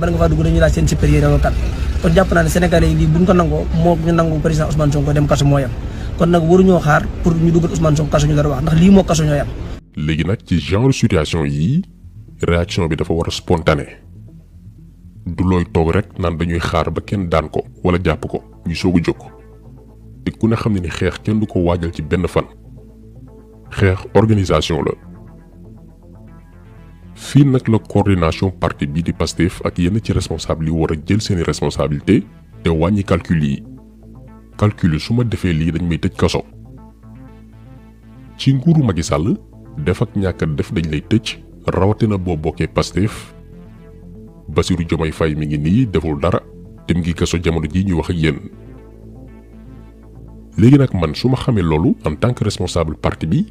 mën nga faa dugg dañuy laaj seen supérieur yi kat kon jàpp naa ne sénégalais yi lii buñ ko nangoo moo ñu nangu président Ousmane Sonko dem kaso moo yam kon nag waruñoo xaar pour ñu dugal Ousmane Sonko kaso ñu dara wax ndax lii moo kaso ñoo yam léegi nag ci genre situation yi réaction bi dafa war a spontané du looy toog rek naan dañuy xaar ba kenn daan ko wala jàpp ko ñu soog a jóg te ku ne xam ne ni xeex kenn du ko ci benn fan xeex organisation la fi nak la coordination parti bi di Pastef ak yene ci responsable yi wara jël seen responsabilité té wañi calcul yi calcul suma défé li dañ may tëj kasso ci nguru Macky Sall def ak def dañ lay rawati rawatina bo bokkee Pastef Basiru Jomay Fay mi ngi ni deful dara dem gi kasso jamono ji ñu wax ak yeen légui nak man suma xamé lolu en tant que responsable parti bi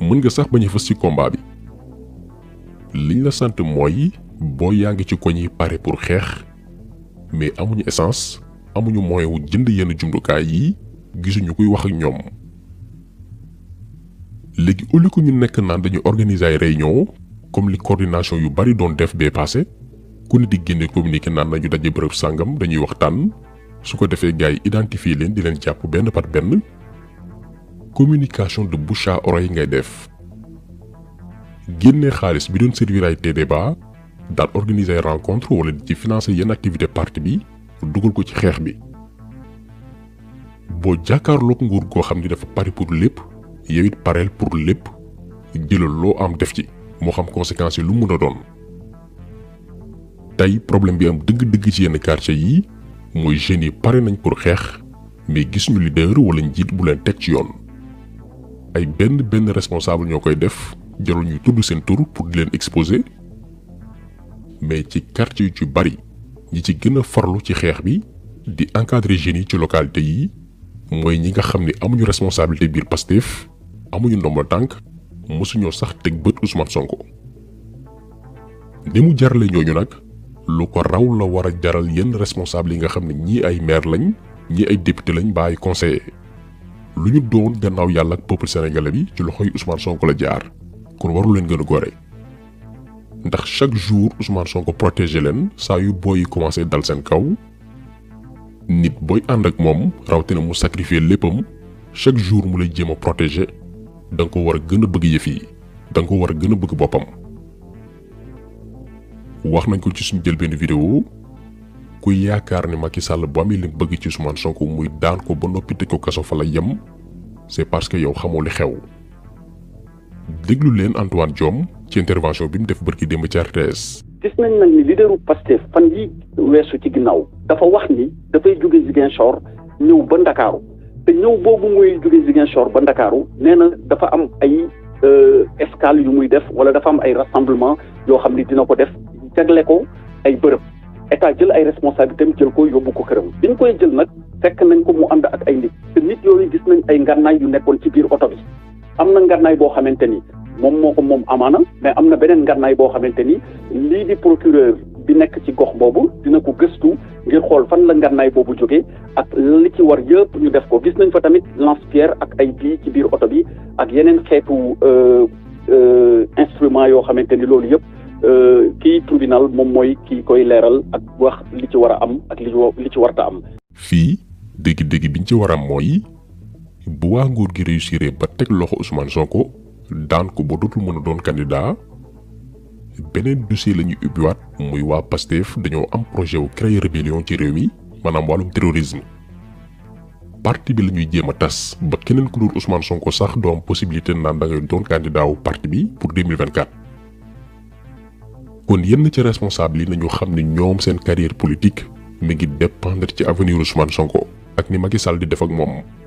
mën nga sax bañu fess ci combat bi liñ la sant boo yaa ci koñ pare pour xeex mais amuñu essence amuñu moyen wu jënd yenn jumtukaay yi gisuñu kuy wax ñoom. léegi au lieu que nekk naan dañuy organiser ay réunion comme li coordination yu bari doon def bee passé ku ne di génne communiqué naan nañu daje bërëb sàngam dañuy waxtaan su ko defee gars yi identifier leen di leen jàpp benn par benn communication de bouche à oreille ngay def. génne xaalis bi doon servir ay débat daal organiser ay rencontre wala di ci financer yenn activité parti bi dugal ko ci xeex bi boo jàkkaarloog nguur goo xam ni dafa pare pour lépp yow it pareel pour lépp jëlal loo am def ci moo xam conséquences yi lu mun a doon tey problème bi am dëgg-dëgg ci yenn quartier yi mooy jeunes yi pare nañ pour xeex mais gisuñu leader wala njiit bu leen teg ci yoon ay benn benn responsable ñoo koy def jarul ñuy tudd seen tur pour di leen exposer mais ci quartier yu bari ñi ci gëna farlu ci xeex bi di encadrer jeunes yi ci localité yi mooy ñi nga xam ne amuñu responsabilité biir pastef amuñu ndombo tànk mosuñoo sax teg bët Ousmane Sonko ni mu jarale ñooñu nag lu ko raw la war a jaral yenn responsable yi nga xam ne ñii ay maire lañ ñii ay député lañ ba conseiller lu ñu doon gannaaw yàlla ak peuple sénégalais bi ci loxoy Ousmane Sonko la jaar kon waru len gëna goré gore ndax chaque jour Ousmane Sonko protégé len sa yu yi commencé dal sen kaw nit boy and ak moom rawatina mu sacrifier leppam chaque jour mu lay jëma a protégé ko war gëna bëgg yëf yi ko war gëna bëgg bopam wax nañ ko ci suñu jël ben vidéo ku yaakar ni Macky Sall bo mi lim bëgg ci Ousmane Sonko muy daan ko ba nopi te ko kaso fa la yëm c'est parce que yow xamou li xew déglu leen Antoine Diome ci intervention bi mu def bërki démb ci gis nañ nag ni leaderu Pastef fan yi weesu ci ginnaaw dafa wax ni dafay jóge Ziguinchor ñëw ba Ndakaaru te ñëw boobu muy jóge Ziguinchor ba Ndakaaru nee na dafa am ay euh, escale yu muy def wala dafa am ay rassemblement yoo xam ni dina ko def jagle ko ay bërëb état jël ay responsabilité am jël ko yóbbu ko këram bi ñu koy jël nag fekk nañ ko mu ànd ak ay nit te nit yooyu gis nañ ay ngànnaay yu nekkoon ci biir oto bi am na ngannaay boo xamante ni moom moo ko moom amaana mais am na beneen ngannaay boo xamante di procureur bi nekk ci gox boobu dina ko gëstu ngir xool fan la ngannaay boobu jógee ak li ci war yëpp ñu def ko gis nañ fa tamit lance pierre ak ay bii ci biir oto bi ak yeneen xeetu euh, euh, instrument yoo xamante ni loolu yëpp euh, kii tribunal moom mooy kii koy leeral ak wax li ci war am ak li ci war warta am fii dégg-dégg biñ ci war a bu waa nguur gi réussiré ba teg loxo Ousmane Sonko daan ko ba dootul mën a doon candidat beneen dossier la ñuy ubbiwaat muy waa Pastef dañoo am projet wu créer rébellion ci réew mi maanaam wàllum terrorisme parti bi la ñuy jéem a tas ba keneen ku dul Ousmane Sonko sax doo am possibilité naan da ngay doon candidat wu parti bi pour 2024. kon yenn ci responsable yi nañu xam ne ñoom seen carrière politique mi ngi dépendre ci avenir Ousmane Sonko ak ni Macky Sall di def ak moom.